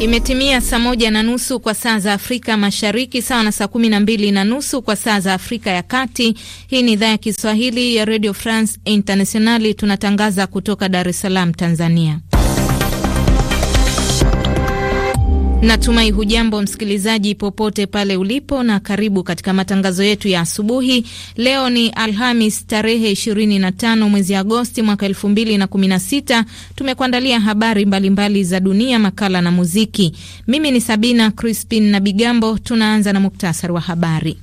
Imetimia saa moja na nusu kwa saa za Afrika Mashariki, sawa na saa kumi na mbili na nusu kwa saa za Afrika ya Kati. Hii ni idhaa ya Kiswahili ya Radio France Internationali, tunatangaza kutoka Dar es Salaam, Tanzania. Natumai hujambo msikilizaji, popote pale ulipo, na karibu katika matangazo yetu ya asubuhi. Leo ni Alhamis tarehe 25 mwezi Agosti mwaka 2016. Tumekuandalia habari mbalimbali mbali za dunia, makala na muziki. Mimi ni Sabina Crispin na Bigambo. Tunaanza na muktasari wa habari.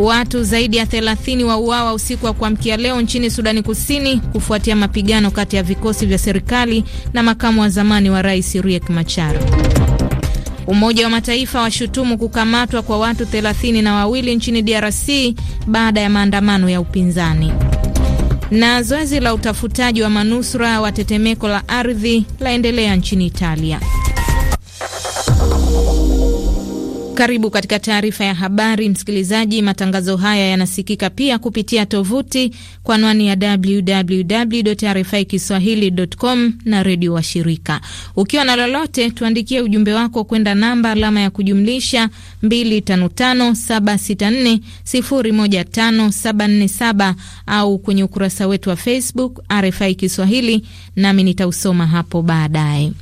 Watu zaidi ya 30 wauawa usiku wa kuamkia leo nchini Sudani Kusini kufuatia mapigano kati ya vikosi vya serikali na makamu wa zamani wa rais Riek Machar. Umoja wa Mataifa washutumu kukamatwa kwa watu thelathini na wawili nchini DRC baada ya maandamano ya upinzani. Na zoezi la utafutaji wa manusura wa tetemeko la ardhi laendelea nchini Italia. Karibu katika taarifa ya habari, msikilizaji. Matangazo haya yanasikika pia kupitia tovuti kwa anwani ya www RFI kiswahilicom na redio wa shirika. Ukiwa na lolote, tuandikie ujumbe wako kwenda namba alama ya kujumlisha 255764015747 au kwenye ukurasa wetu wa Facebook RFI Kiswahili, nami nitausoma hapo baadaye.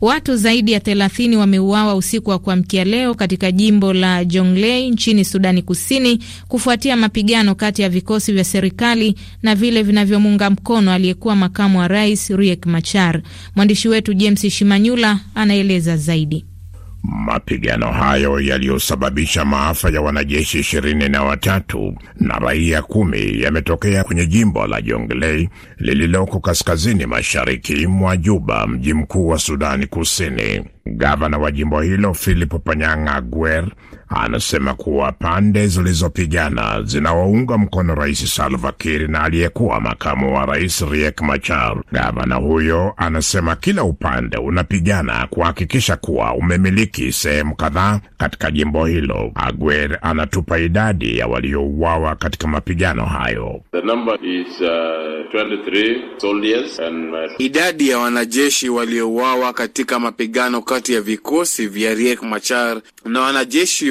Watu zaidi ya thelathini wameuawa usiku wa kuamkia leo katika jimbo la Jonglei nchini Sudani Kusini kufuatia mapigano kati ya vikosi vya serikali na vile vinavyomuunga mkono aliyekuwa makamu wa rais Riek Machar. Mwandishi wetu James Shimanyula anaeleza zaidi. Mapigano hayo yaliyosababisha maafa ya wanajeshi ishirini na watatu na raia kumi yametokea kwenye jimbo la Jonglei lililoko kaskazini mashariki mwa Juba, mji mkuu wa Sudani Kusini. Gavana wa jimbo hilo Philip Panyanga guer anasema kuwa pande zilizopigana zinawaunga mkono Rais Salva Kiir na aliyekuwa makamu wa rais Riek Machar. Gavana huyo anasema kila upande unapigana kuhakikisha kuwa umemiliki sehemu kadhaa katika jimbo hilo. Aguer anatupa idadi ya waliouawa katika mapigano hayo. The number is, uh, 23 soldiers and... Uh, idadi ya wanajeshi waliouawa katika mapigano kati ya vikosi vya Riek Machar na wanajeshi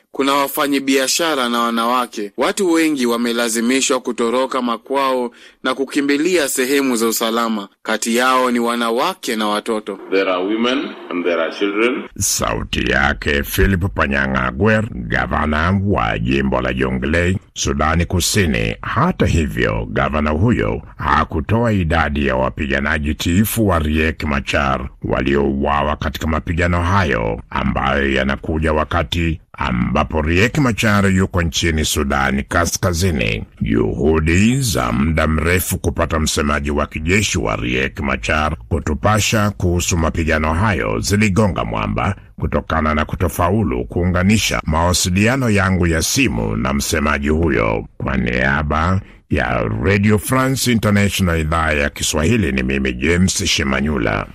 kuna wafanyabiashara na wanawake. Watu wengi wamelazimishwa kutoroka makwao na kukimbilia sehemu za usalama. Kati yao ni wanawake na watoto. There are women and there are children. Sauti yake Philip Panyanga Gwer, gavana wa jimbo la Jonglei, Sudani Kusini. Hata hivyo, gavana huyo hakutoa idadi ya wapiganaji tiifu wa Riek Machar waliouawa katika mapigano hayo ambayo yanakuja wakati ambapo Riek Machar yuko nchini Sudani Kaskazini. Juhudi za muda mrefu kupata msemaji wa kijeshi wa Riek Machar kutupasha kuhusu mapigano hayo ziligonga mwamba kutokana na kutofaulu kuunganisha mawasiliano yangu ya simu na msemaji huyo. Kwa niaba ya Radio France International idhaa ya Kiswahili, ni mimi James Shimanyula.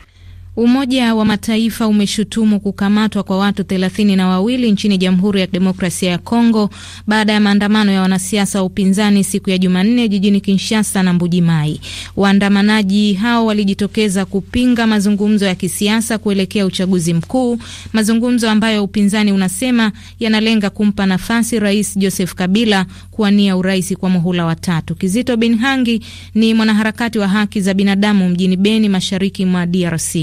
Umoja wa Mataifa umeshutumu kukamatwa kwa watu thelathini na wawili nchini Jamhuri ya Kidemokrasia ya Kongo baada ya maandamano ya wanasiasa wa upinzani siku ya Jumanne jijini Kinshasa na Mbujimai. Waandamanaji hao walijitokeza kupinga mazungumzo ya kisiasa kuelekea uchaguzi mkuu, mazungumzo ambayo upinzani unasema yanalenga kumpa nafasi Rais Joseph Kabila kuwania urais kwa muhula wa tatu. Kizito Binhangi ni mwanaharakati wa haki za binadamu mjini Beni, mashariki mwa DRC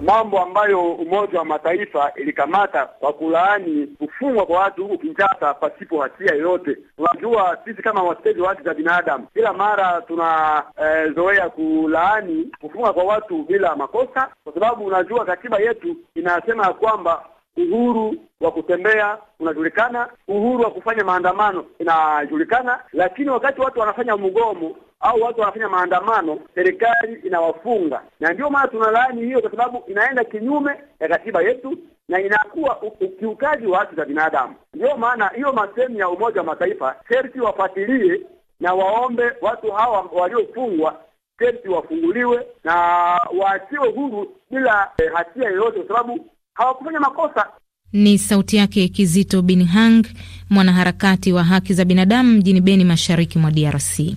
mambo ambayo Umoja wa Mataifa ilikamata kwa kulaani kufungwa kwa watu huku Kinshasa pasipo hatia yoyote. Unajua, sisi kama watetezi wa haki za binadamu kila mara tunazoea eh, e, kulaani kufungwa kwa watu bila makosa, kwa sababu unajua katiba yetu inasema ya kwamba uhuru wa kutembea unajulikana, uhuru wa kufanya maandamano inajulikana, lakini wakati watu wanafanya mgomo au watu wanafanya maandamano, serikali inawafunga. Na ndio maana tunalaani hiyo, kwa sababu inaenda kinyume ya katiba yetu na inakuwa ukiukaji wa haki za binadamu. Ndiyo maana hiyo masemu ya Umoja wa Mataifa sherti wafuatilie na waombe watu hawa waliofungwa sherti wafunguliwe na waachiwe huru bila eh, hatia yoyote, kwa sababu hawakufanya makosa. Ni sauti yake Kizito Binhang, mwanaharakati wa haki za binadamu mjini Beni, mashariki mwa DRC.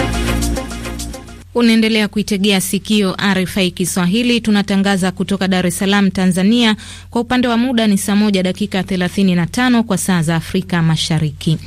Unaendelea kuitegea sikio RFI Kiswahili, tunatangaza kutoka Dar es Salaam, Tanzania. Kwa upande wa muda ni saa moja dakika 35 kwa saa za Afrika Mashariki.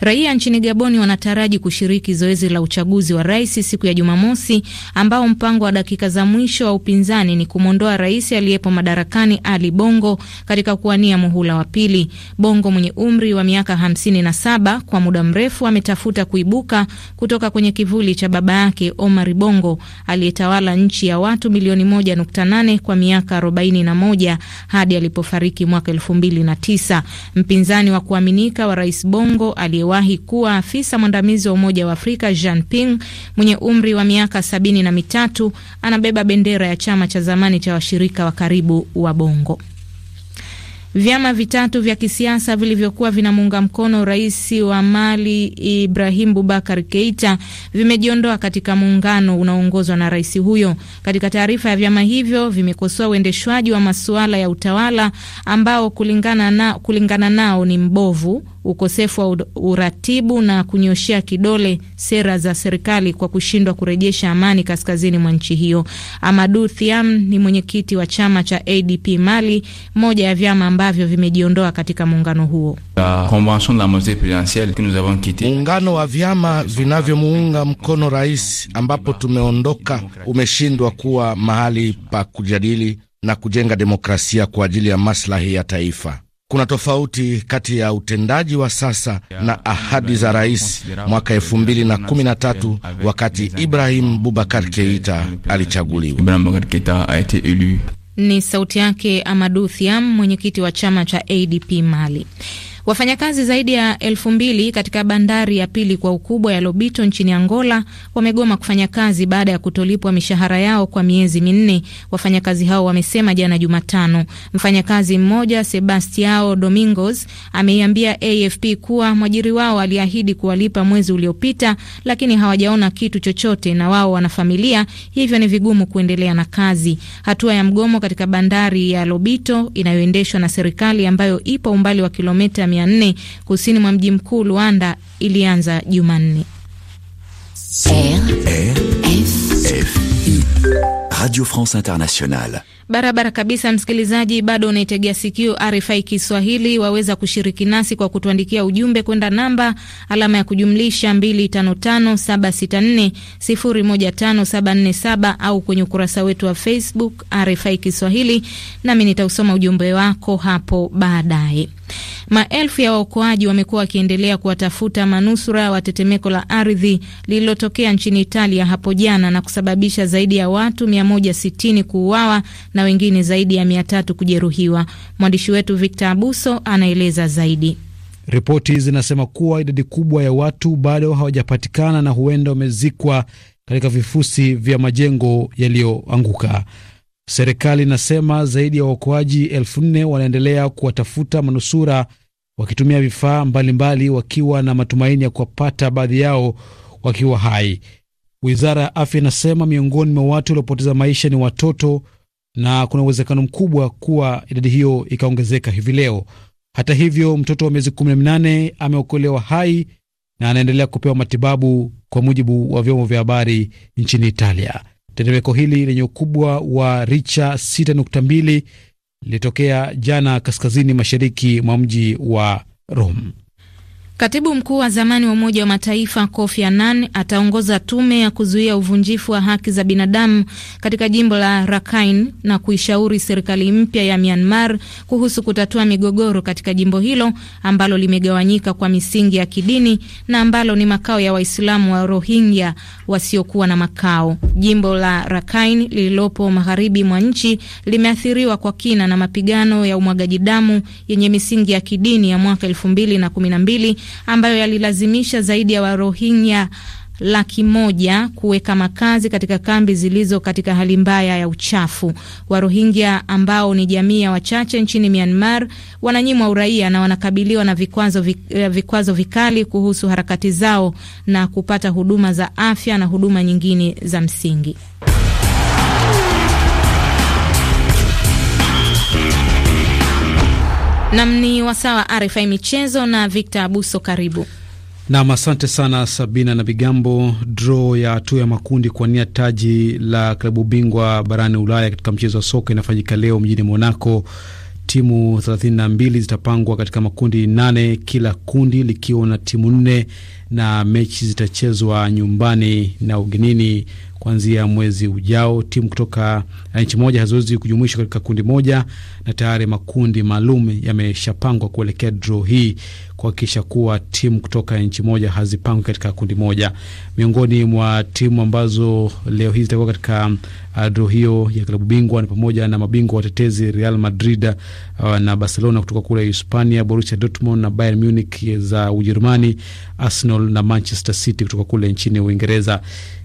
Raia nchini Gaboni wanataraji kushiriki zoezi la uchaguzi wa rais siku ya Jumamosi, ambao mpango wa dakika za mwisho wa upinzani ni kumwondoa rais aliyepo madarakani Ali Bongo katika kuwania muhula wa pili. Bongo mwenye umri wa miaka 57 kwa muda mrefu ametafuta kuibuka kutoka kwenye kivuli cha baba yake Omar Bongo aliyetawala nchi ya watu milioni 1.8 kwa miaka 41 hadi alipofariki mwaka 2009. Mpinzani wa kuaminika wa rais Bongo aliye aliyewahi kuwa afisa mwandamizi wa Umoja wa Afrika Jean Ping mwenye umri wa miaka sabini na mitatu anabeba bendera ya chama cha zamani cha washirika wa karibu wa Bongo. Vyama vitatu vya kisiasa vilivyokuwa vinamuunga mkono rais wa Mali Ibrahim Bubakar Keita vimejiondoa katika muungano unaoongozwa na rais huyo. Katika taarifa ya vyama hivyo, vimekosoa uendeshwaji wa masuala ya utawala ambao kulingana, na, kulingana nao ni mbovu ukosefu wa uratibu na kunyoshea kidole sera za serikali kwa kushindwa kurejesha amani kaskazini mwa nchi hiyo. amadu Thiam ni mwenyekiti wa chama cha ADP Mali, moja ya vyama ambavyo vimejiondoa katika muungano huo. Muungano wa vyama vinavyomuunga mkono rais, ambapo tumeondoka, umeshindwa kuwa mahali pa kujadili na kujenga demokrasia kwa ajili ya maslahi ya taifa kuna tofauti kati ya utendaji wa sasa na ahadi za rais mwaka elfu mbili na kumi na tatu wakati Ibrahim Bubakar Keita alichaguliwa. Ni sauti yake Amadou Thiam, mwenyekiti wa chama cha ADP Mali. Wafanyakazi zaidi ya elfu mbili katika bandari ya pili kwa ukubwa ya Lobito nchini Angola wamegoma kufanya kazi baada ya kutolipwa mishahara yao kwa miezi minne, wafanyakazi hao wamesema jana Jumatano. Mfanyakazi mmoja Sebastiao Domingos ameiambia AFP kuwa mwajiri wao aliahidi kuwalipa mwezi uliopita, lakini hawajaona kitu chochote na wao wana familia, hivyo ni vigumu kuendelea na kazi. Hatua ya mgomo katika bandari ya Lobito inayoendeshwa na serikali ambayo ipo umbali wa kilomita mia nne kusini mwa mji mkuu Luanda ilianza Jumanne. Radio France Internationale. Barabara kabisa, msikilizaji, bado unaitegea sikio RFI Kiswahili. Waweza kushiriki nasi kwa kutuandikia ujumbe kwenda namba alama ya kujumlisha 255764015747 au kwenye ukurasa wetu wa Facebook RFI Kiswahili, nami nitausoma ujumbe wako hapo baadaye. Maelfu ya waokoaji wamekuwa wakiendelea kuwatafuta manusura wa tetemeko la ardhi lililotokea nchini Italia hapo jana na kusababisha zaidi ya watu 160 kuuawa na wengine zaidi ya 300 kujeruhiwa. Mwandishi wetu Victor Abuso anaeleza zaidi. Ripoti zinasema kuwa idadi kubwa ya watu bado hawajapatikana na huenda wamezikwa katika vifusi vya majengo yaliyoanguka. Serikali inasema zaidi ya waokoaji elfu nne wanaendelea kuwatafuta manusura wakitumia vifaa mbalimbali, wakiwa na matumaini ya kuwapata baadhi yao wakiwa hai. Wizara ya afya inasema miongoni mwa watu waliopoteza maisha ni watoto na kuna uwezekano mkubwa kuwa idadi hiyo ikaongezeka hivi leo. Hata hivyo, mtoto wa miezi 18 ameokolewa hai na anaendelea kupewa matibabu, kwa mujibu wa vyombo vya habari nchini Italia. Tetemeko hili lenye ukubwa wa richa 6.2 lilitokea jana kaskazini mashariki mwa mji wa Rome. Katibu mkuu wa zamani wa Umoja wa Mataifa Kofi Annan ataongoza tume ya kuzuia uvunjifu wa haki za binadamu katika jimbo la Rakhine na kuishauri serikali mpya ya Myanmar kuhusu kutatua migogoro katika jimbo hilo ambalo limegawanyika kwa misingi ya kidini na ambalo ni makao ya Waislamu wa Rohingya wasiokuwa na makao. Jimbo la Rakhine lililopo magharibi mwa nchi limeathiriwa kwa kina na mapigano ya umwagaji damu yenye misingi ya kidini ya mwaka elfu mbili na kumi na mbili ambayo yalilazimisha zaidi ya Warohingya laki moja kuweka makazi katika kambi zilizo katika hali mbaya ya uchafu. Warohingya ambao ni jamii ya wachache nchini Myanmar wananyimwa uraia na wanakabiliwa na vikwazo, eh, vikwazo vikali kuhusu harakati zao na kupata huduma za afya na huduma nyingine za msingi. Nam ni wasawa RFI michezo na Victor Abuso, karibu nam. Asante sana Sabina na Bigambo. Dro ya hatua ya makundi kuwania taji la klabu bingwa barani Ulaya katika mchezo wa soka inafanyika leo mjini Monaco. Timu 32 zitapangwa katika makundi nane, kila kundi likiwa na timu nne, na mechi zitachezwa nyumbani na ugenini kuanzia mwezi ujao. Timu kutoka eh, nchi moja haziwezi kujumuishwa katika kundi moja, na tayari makundi maalum yameshapangwa kuelekea draw hii kuhakikisha kuwa timu kutoka nchi moja hazipangwi katika kundi moja. Miongoni mwa timu ambazo leo hii zitakuwa katika uh, draw hiyo ya klabu bingwa ni pamoja na mabingwa watetezi Real Madrid uh, na Barcelona kutoka kule Hispania, Borussia Dortmund na Bayern Munich za Ujerumani, Arsenal na Manchester City kutoka kule nchini Uingereza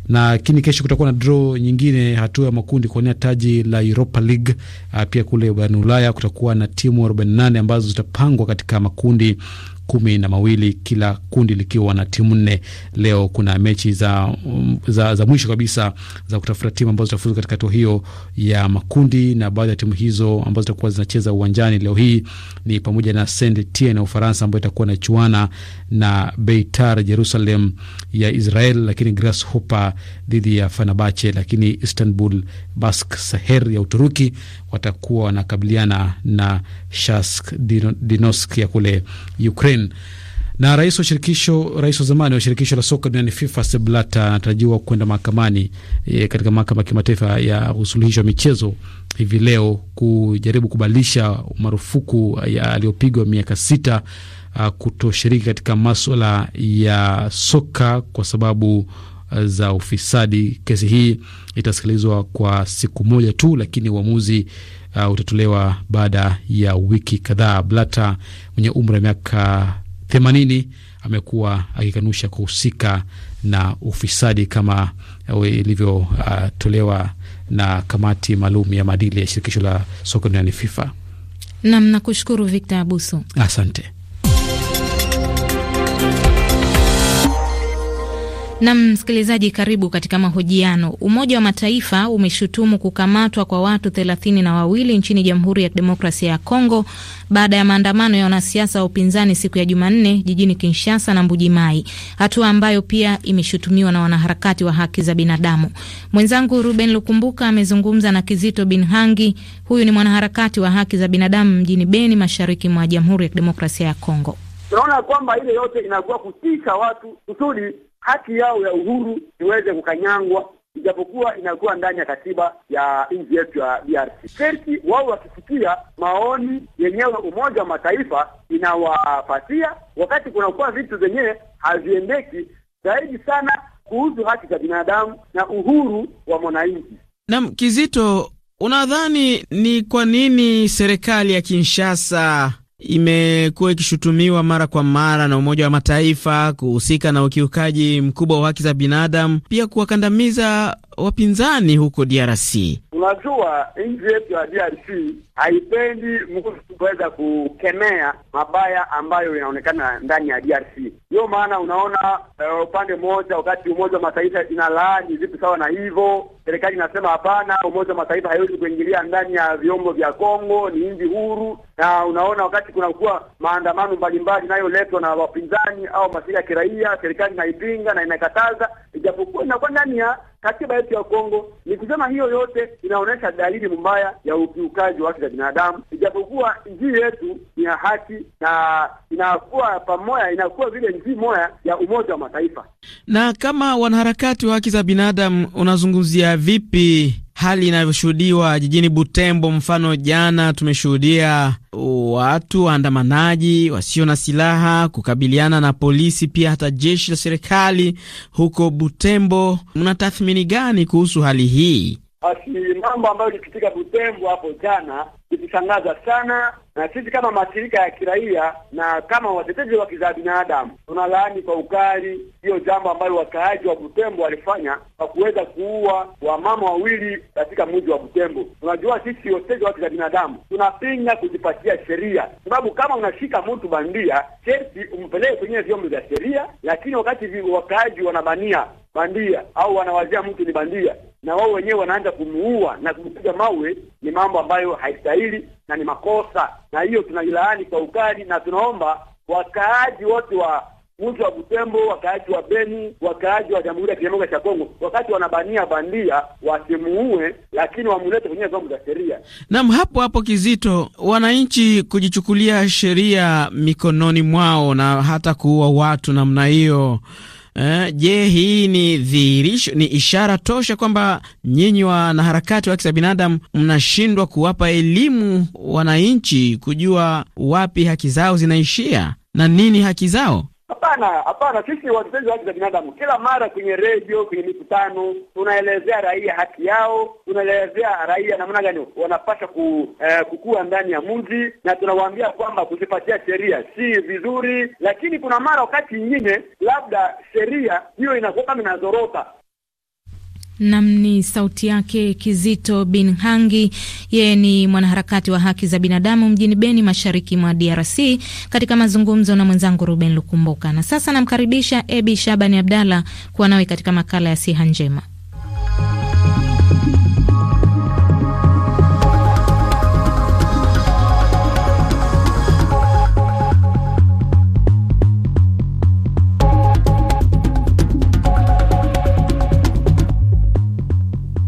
lakini kesho kutakuwa na draw nyingine, hatua ya makundi kuwania taji la Europa League. Ah, pia kule barani Ulaya kutakuwa na timu 48 ambazo zitapangwa katika makundi kumi na mawili kila kundi likiwa na timu nne. Leo kuna mechi za, um, za, za mwisho kabisa za kutafuta timu ambazo zitafuzu katika hatua hiyo ya makundi, na baadhi ya timu hizo ambazo zitakuwa zinacheza uwanjani leo hii ni pamoja na Saint Etienne ya Ufaransa ambayo itakuwa na chuana na Beitar Jerusalem ya Israel, lakini Grasshopper dhidi ya Fenerbahce, lakini Istanbul Bask Saher ya Uturuki watakuwa wanakabiliana na Shask Dinosk ya kule Ukraine. Na rais wa shirikisho, rais wa zamani wa shirikisho la soka duniani FIFA Sepp Blatter anatarajiwa kwenda mahakamani e, katika mahakama ya kimataifa ya usuluhisho wa michezo hivi leo kujaribu kubadilisha marufuku aliyopigwa miaka sita kutoshiriki katika maswala ya soka kwa sababu za ufisadi. Kesi hii itasikilizwa kwa siku moja tu, lakini uamuzi uh, utatolewa baada ya wiki kadhaa. Blata mwenye umri wa miaka themanini amekuwa akikanusha kuhusika na ufisadi kama ilivyotolewa uh, uh na kamati maalum ya maadili ya shirikisho la soka duniani FIFA. Nam, nakushukuru Victor Abuso, asante. nam msikilizaji, karibu katika mahojiano. Umoja wa Mataifa umeshutumu kukamatwa kwa watu thelathini na wawili nchini Jamhuri ya Kidemokrasia ya Kongo baada ya maandamano ya wanasiasa wa upinzani siku ya Jumanne jijini Kinshasa na Mbujimai, hatua ambayo pia imeshutumiwa na wanaharakati wa haki za binadamu. Mwenzangu Ruben Lukumbuka amezungumza na Kizito Binhangi, huyu ni mwanaharakati wa haki za binadamu mjini Beni, mashariki mwa Jamhuri ya Kidemokrasia ya Kongo. Tunaona kwamba ile yote inakuwa kutisha watu kusudi haki yao ya uhuru iweze kukanyangwa, ijapokuwa inakuwa ndani ya katiba ya nchi yetu ya DRC. Serki wao wakisikia maoni yenyewe Umoja wa Mataifa inawapatia, wakati kunakuwa vitu zenyewe haviendeki, zaidi sana kuhusu haki za binadamu na uhuru wa mwananchi. Naam, Kizito, unadhani ni kwa nini serikali ya Kinshasa imekuwa ikishutumiwa mara kwa mara na Umoja wa Mataifa kuhusika na ukiukaji mkubwa wa haki za binadamu, pia kuwakandamiza wapinzani huko DRC. Unajua, nchi yetu ya DRC haipendi mtu kuweza kukemea mabaya ambayo inaonekana ndani ya DRC. Ndiyo maana unaona eh, upande mmoja, wakati Umoja wa Mataifa inalaani vitu sawa na hivyo, serikali inasema hapana, Umoja wa Mataifa haiwezi kuingilia ndani ya vyombo vya Kongo, ni nchi huru. Na unaona wakati kunakuwa maandamano mbalimbali inayoletwa na wapinzani au mashirika ya kiraia, serikali inaipinga na inakataza, ijapokuwa inakuwa ndani ya katiba yetu ya Kongo. Ni kusema hiyo yote inaonyesha dalili mbaya ya ukiukaji wa haki za binadamu, ijapokuwa njii yetu ni ya haki na inakuwa pamoja, inakuwa vile njii moja ya Umoja wa Mataifa. Na kama wanaharakati wa haki za binadamu, unazungumzia vipi hali inavyoshuhudiwa jijini Butembo. Mfano, jana tumeshuhudia watu waandamanaji wasio na silaha kukabiliana na polisi, pia hata jeshi la serikali huko Butembo. Mna tathmini gani kuhusu hali hii? Basi mambo ambayo ilipitika Butembo hapo jana ilishangaza sana, na sisi kama mashirika ya kiraia na kama watetezi wa kizaa za binadamu tunalaani kwa ukali hiyo jambo ambayo wakaaji wa Butembo walifanya kwa kuweza kuua wamama wawili katika mji wa Butembo. Tunajua sisi watetezi wa kizaa za binadamu tunapinga kujipatia sheria, sababu kama unashika mtu bandia sherti umpeleke kwenye vyombo vya sheria, lakini wakati wakaaji wanabania bandia au wanawazia mtu ni bandia na wao wenyewe wanaanza kumuua na kumpiga mawe, ni mambo ambayo haistahili na ni makosa, na hiyo tunailaani kwa ukali, na tunaomba wakaaji wote wa mji wa Butembo, wakaaji wa Beni, wakaaji wa Jamhuri ya Kidemokrasia ya Kongo, wakati wanabania bandia wasimuue, lakini wamulete kwenye vyombo vya sheria. Naam, hapo hapo Kizito, wananchi kujichukulia sheria mikononi mwao na hata kuua watu namna hiyo Eh, je, hii ni dhihirisho, ni ishara tosha kwamba nyinyi wanaharakati wa haki za binadamu mnashindwa kuwapa elimu wananchi kujua wapi haki zao zinaishia na nini haki zao? Hapana, hapana, sisi watetezi wa haki za binadamu kila mara kwenye redio, kwenye mikutano tunaelezea raia haki yao, tunaelezea raia namna gani wanapaswa ku, eh, kukua ndani ya mji, na tunawaambia kwamba kuzipatia sheria si vizuri, lakini kuna mara wakati nyingine labda sheria hiyo inakuwa kama inazorota, nam ni sauti yake Kizito Bin Hangi. Yeye ni mwanaharakati wa haki za binadamu mjini Beni, mashariki mwa DRC, katika mazungumzo na mwenzangu Ruben Lukumbuka. Na sasa namkaribisha Ebi Shabani Abdalla kuwa nawe katika makala ya Siha Njema.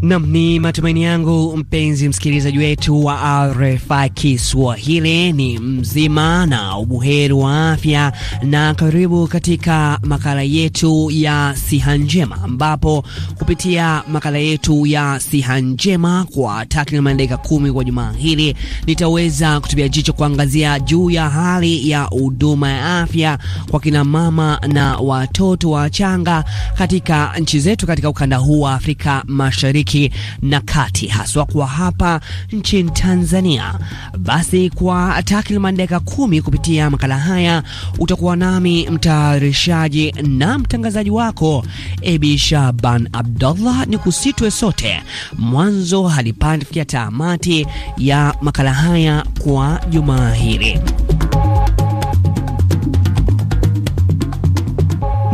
Nam, ni matumaini yangu mpenzi msikilizaji wetu wa RFI Kiswahili ni mzima na ubuheri wa afya, na karibu katika makala yetu ya siha njema, ambapo kupitia makala yetu ya siha njema kwa takriban dakika kumi kwa jumaa hili nitaweza kutupia jicho kuangazia juu ya hali ya huduma ya afya kwa kina mama na watoto wachanga katika nchi zetu katika ukanda huu wa Afrika Mashariki mashariki na kati, haswa kwa hapa nchini Tanzania. Basi kwa takriban dakika kumi kupitia makala haya utakuwa nami mtayarishaji na mtangazaji wako Ebi Shaban Abdullah, ni kusitwe sote mwanzo hadi pande kufikia tamati ya makala haya kwa jumaa hili.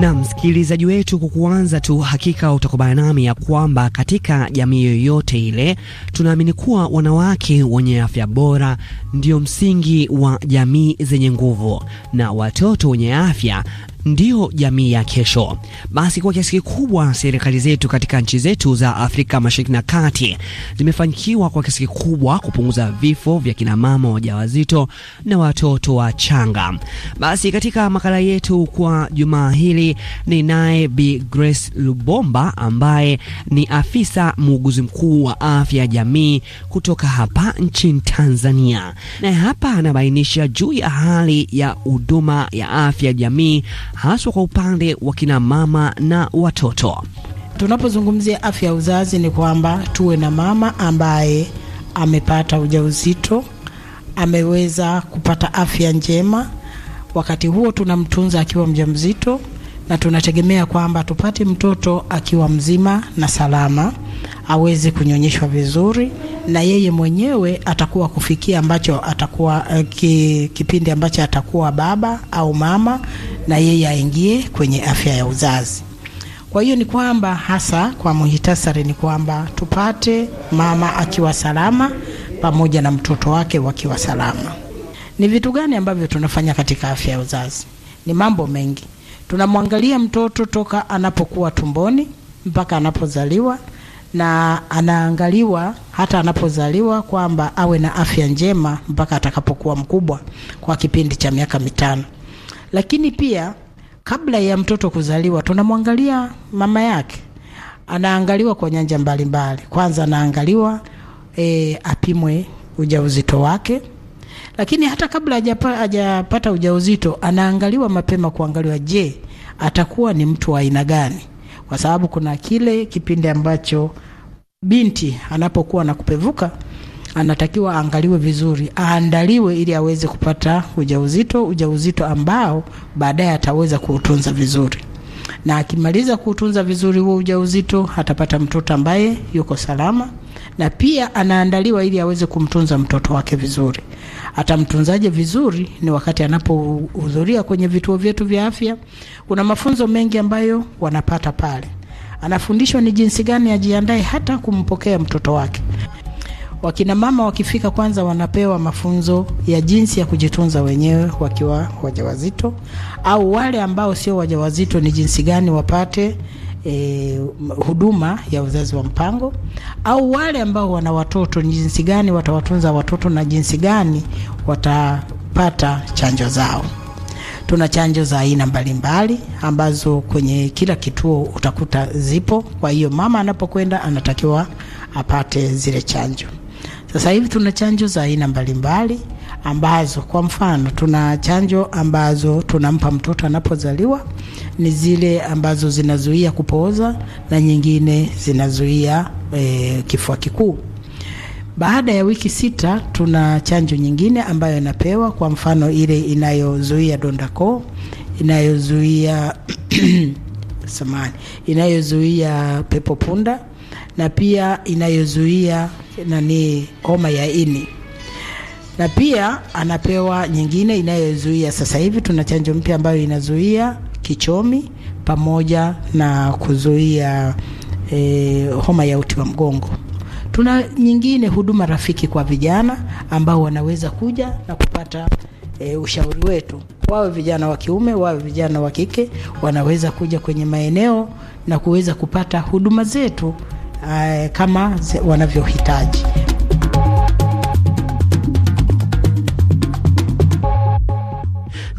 Na msikilizaji wetu, kwa kuanza tu, hakika utakubana nami ya kwamba katika jamii yoyote ile tunaamini kuwa wanawake wenye afya bora ndio msingi wa jamii zenye nguvu, na watoto wenye afya ndiyo jamii ya kesho. Basi kwa kiasi kikubwa serikali zetu katika nchi zetu za Afrika Mashariki na Kati zimefanikiwa kwa kiasi kikubwa kupunguza vifo vya kina mama wajawazito na watoto wachanga. Basi katika makala yetu kwa jumaa hili ni naye Bi Grace Lubomba ambaye ni afisa muuguzi mkuu wa afya ya jamii kutoka hapa nchini Tanzania, na hapa anabainisha juu ya hali ya huduma ya afya ya jamii haswa kwa upande wa kina mama na watoto. Tunapozungumzia afya ya uzazi, ni kwamba tuwe na mama ambaye amepata ujauzito, ameweza kupata afya njema, wakati huo tunamtunza akiwa mjamzito, na tunategemea kwamba tupate mtoto akiwa mzima na salama, aweze kunyonyeshwa vizuri, na yeye mwenyewe atakuwa kufikia ambacho atakuwa eh, ki, kipindi ambacho atakuwa baba au mama na yeye aingie kwenye afya ya uzazi. Kwa hiyo ni kwamba hasa kwa muhitasari ni kwamba tupate mama akiwa salama pamoja na mtoto wake wakiwa salama. Ni vitu gani ambavyo tunafanya katika afya ya uzazi? Ni mambo mengi. Tunamwangalia mtoto toka anapokuwa tumboni mpaka anapozaliwa na anaangaliwa hata anapozaliwa kwamba awe na afya njema mpaka atakapokuwa mkubwa kwa kipindi cha miaka mitano. Lakini pia kabla ya mtoto kuzaliwa tunamwangalia mama yake, anaangaliwa kwa nyanja mbalimbali mbali. Kwanza anaangaliwa e, apimwe ujauzito wake lakini hata kabla hajapata ujauzito anaangaliwa mapema kuangaliwa, je, atakuwa ni mtu wa aina gani? Kwa sababu kuna kile kipindi ambacho binti anapokuwa na kupevuka anatakiwa aangaliwe vizuri, aandaliwe ili aweze kupata ujauzito, ujauzito ambao baadaye ataweza kuutunza vizuri na akimaliza kuutunza vizuri huo ujauzito atapata mtoto ambaye yuko salama, na pia anaandaliwa ili aweze kumtunza mtoto wake vizuri. Atamtunzaje vizuri? Ni wakati anapohudhuria kwenye vituo vyetu vya afya, kuna mafunzo mengi ambayo wanapata pale, anafundishwa ni jinsi gani ajiandae hata kumpokea mtoto wake. Wakina mama wakifika, kwanza wanapewa mafunzo ya jinsi ya kujitunza wenyewe wakiwa wajawazito, au wale ambao sio wajawazito, ni jinsi gani wapate E, huduma ya uzazi wa mpango au wale ambao wana watoto ni jinsi gani watawatunza watoto na jinsi gani watapata chanjo zao. Tuna chanjo za aina mbalimbali ambazo kwenye kila kituo utakuta zipo. Kwa hiyo mama anapokwenda anatakiwa apate zile chanjo. Sasa hivi tuna chanjo za aina mbalimbali ambazo kwa mfano tuna chanjo ambazo tunampa mtoto anapozaliwa ni zile ambazo zinazuia kupooza na nyingine zinazuia e, kifua kikuu. Baada ya wiki sita tuna chanjo nyingine ambayo inapewa, kwa mfano ile inayozuia donda koo, inayozuia samani, inayozuia pepo punda na pia inayozuia nani homa ya ini na pia anapewa nyingine inayozuia. Sasa hivi tuna chanjo mpya ambayo inazuia kichomi pamoja na kuzuia e, homa ya uti wa mgongo. Tuna nyingine huduma rafiki kwa vijana ambao wanaweza kuja na kupata e, ushauri wetu, wawe vijana wa kiume, wawe vijana wa kike, wanaweza kuja kwenye maeneo na kuweza kupata huduma zetu uh, kama wanavyohitaji.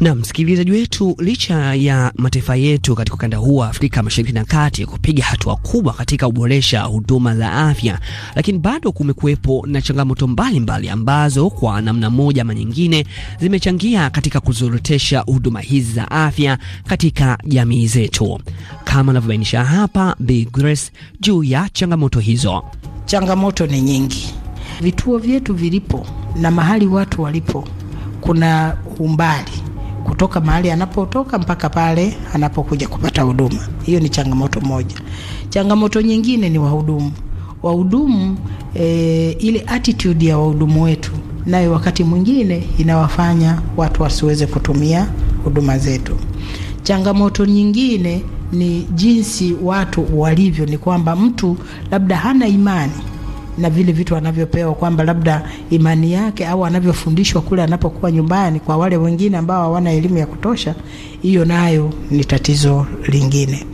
Na msikilizaji wetu, licha ya mataifa yetu katika ukanda huu wa Afrika Mashariki na Kati kupiga hatua kubwa katika kuboresha huduma za afya, lakini bado kumekuwepo na changamoto mbalimbali mbali ambazo kwa namna moja ama nyingine zimechangia katika kuzorotesha huduma hizi za afya katika jamii zetu, kama anavyobainisha hapa Bi Grace juu ya changamoto hizo. Changamoto ni nyingi, vituo vyetu vilipo na mahali watu walipo kuna umbali kutoka mahali anapotoka mpaka pale anapokuja kupata huduma. Hiyo ni changamoto moja. Changamoto nyingine ni wahudumu. Wahudumu e, ile attitude ya wahudumu wetu nayo wakati mwingine inawafanya watu wasiweze kutumia huduma zetu. Changamoto nyingine ni jinsi watu walivyo, ni kwamba mtu labda hana imani na vile vitu anavyopewa, kwamba labda imani yake au anavyofundishwa kule anapokuwa nyumbani. Kwa wale wengine ambao hawana elimu ya kutosha, hiyo nayo ni tatizo lingine.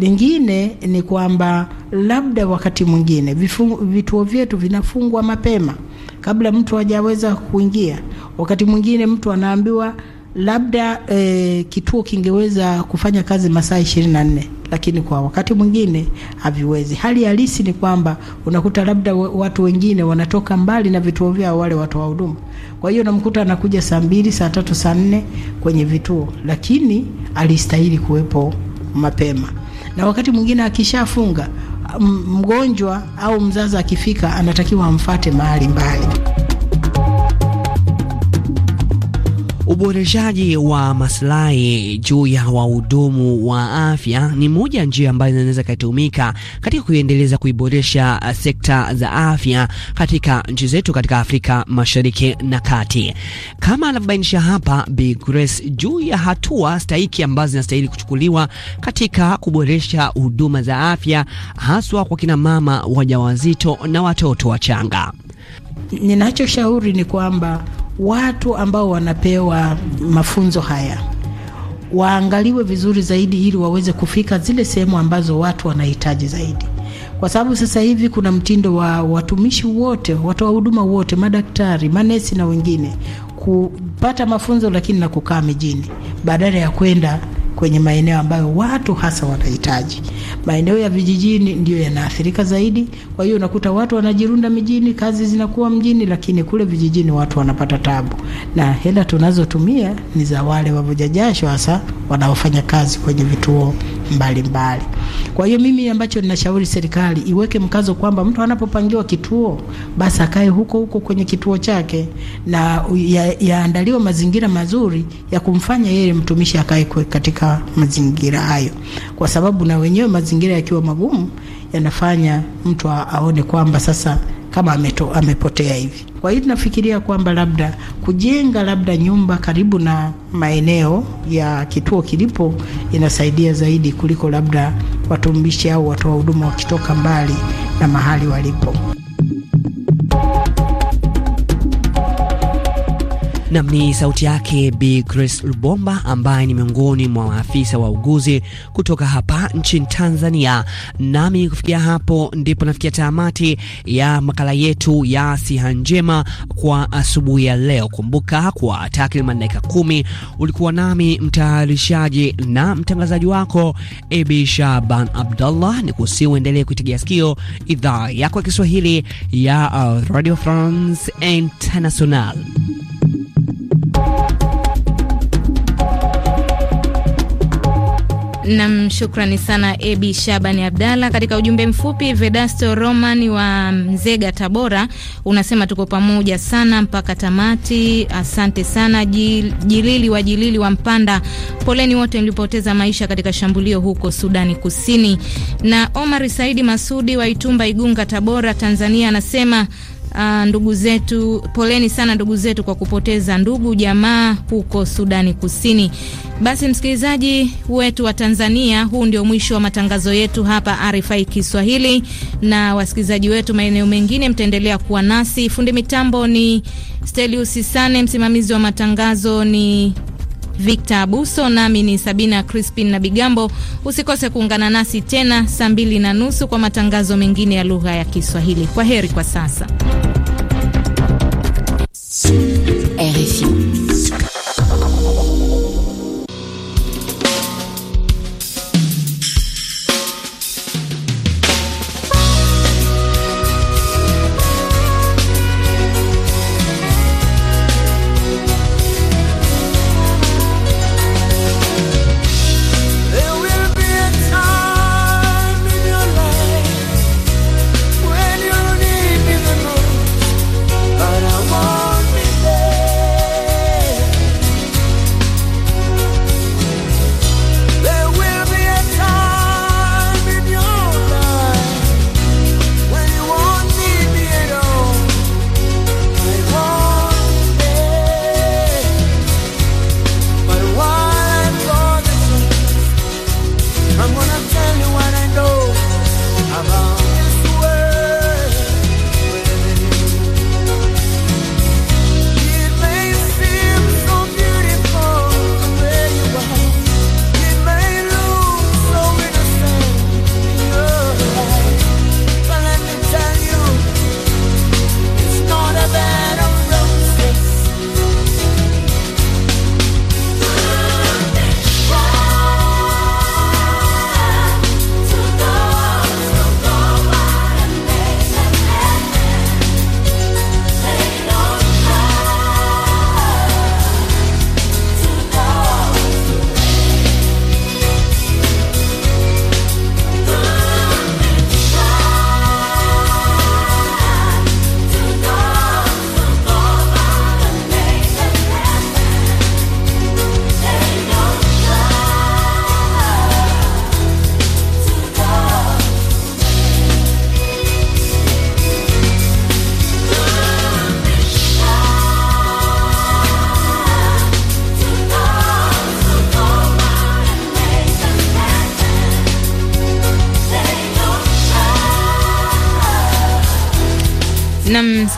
Lingine ni kwamba labda wakati mwingine vituo vyetu vinafungwa mapema kabla mtu hajaweza kuingia. Wakati mwingine mtu anaambiwa labda e, kituo kingeweza kufanya kazi masaa nne lakini kwa wakati mwingine haviwezi. Hali halisi ni kwamba unakuta labda watu wengine wanatoka mbali na vituo vyao, wale wa huduma. Kwa hiyo namkuta anakuja saa mbili, saa tatu, saa nne kwenye vituo, lakini alistahili kuwepo mapema. Na wakati mwingine akishafunga, mgonjwa au mzazi akifika, anatakiwa amfate mahali mbali. Uboreshaji wa maslahi juu ya wahudumu wa afya ni moja ya njia ambayo inaweza ikatumika katika kuendeleza kuiboresha uh, sekta za afya katika nchi zetu katika Afrika Mashariki na Kati, kama anavyobainisha hapa Bi Grace juu ya hatua stahiki ambazo zinastahili kuchukuliwa katika kuboresha huduma za afya haswa kwa kina mama wajawazito na watoto wachanga. Ninachoshauri ni kwamba watu ambao wanapewa mafunzo haya waangaliwe vizuri zaidi, ili waweze kufika zile sehemu ambazo watu wanahitaji zaidi, kwa sababu sasa hivi kuna mtindo wa watumishi wote, watoa huduma wote, madaktari, manesi na wengine kupata mafunzo, lakini na kukaa mijini badala ya kwenda kwenye maeneo ambayo watu hasa wanahitaji. Maeneo ya vijijini ndiyo yanaathirika zaidi, kwa hiyo unakuta watu wanajirunda mijini, kazi zinakuwa mjini, lakini kule vijijini watu wanapata tabu, na hela tunazotumia ni za wale wavujajasho hasa wanaofanya kazi kwenye vituo mbalimbali. Kwa hiyo mimi ambacho ninashauri serikali iweke mkazo kwamba mtu anapopangiwa kituo basi akae huko huko kwenye kituo chake, na yaandaliwe ya mazingira mazuri ya kumfanya yeye mtumishi akae katika mazingira hayo, kwa sababu na wenyewe mazingira yakiwa magumu yanafanya mtu aone kwamba sasa kama ameto, amepotea hivi. Kwa hiyo tunafikiria kwamba labda kujenga labda nyumba karibu na maeneo ya kituo kilipo inasaidia zaidi kuliko labda watumishi au watoa huduma wakitoka mbali na mahali walipo. Nam ni sauti yake Bi Grace Lubomba ambaye ni miongoni mwa maafisa wa uguzi kutoka hapa nchini Tanzania. Nami kufikia hapo ndipo nafikia tamati ya makala yetu ya siha njema kwa asubuhi ya leo. Kumbuka kwa takriban dakika kumi ulikuwa nami mtayarishaji na mtangazaji wako Abi Shaban Abdallah, ni kusi uendelee kuitegea sikio idhaa yako ya Kiswahili ya uh, Radio France International. Nam, shukrani sana Ebi Shabani Abdalla. Katika ujumbe mfupi, Vedasto Roman wa Mzega, Tabora, unasema tuko pamoja sana mpaka tamati. Asante sana Jilili wa Jilili wa Mpanda, poleni wote mlipoteza maisha katika shambulio huko Sudani Kusini. Na Omar Saidi Masudi wa Itumba, Igunga, Tabora, Tanzania, anasema Uh, ndugu zetu, poleni sana ndugu zetu kwa kupoteza ndugu jamaa huko Sudani Kusini. Basi msikilizaji wetu wa Tanzania, huu ndio mwisho wa matangazo yetu hapa RFI Kiswahili, na wasikilizaji wetu maeneo mengine mtaendelea kuwa nasi. Fundi mitambo ni Stelius Sane, msimamizi wa matangazo ni Victor Abuso, nami ni Sabina Crispin na Bigambo. Usikose kuungana nasi tena saa mbili na nusu kwa matangazo mengine ya lugha ya Kiswahili. Kwa heri kwa sasa RFI.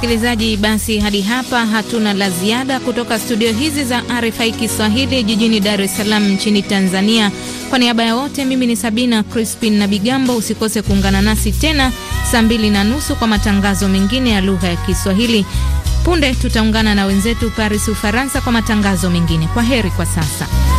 msikilizaji, basi hadi hapa hatuna la ziada kutoka studio hizi za RFI Kiswahili jijini Dar es Salaam nchini Tanzania. Kwa niaba ya wote, mimi ni Sabina Crispin na Bigambo. Usikose kuungana nasi tena saa mbili na nusu kwa matangazo mengine ya lugha ya Kiswahili. Punde tutaungana na wenzetu Paris, Ufaransa, kwa matangazo mengine. Kwa heri kwa sasa.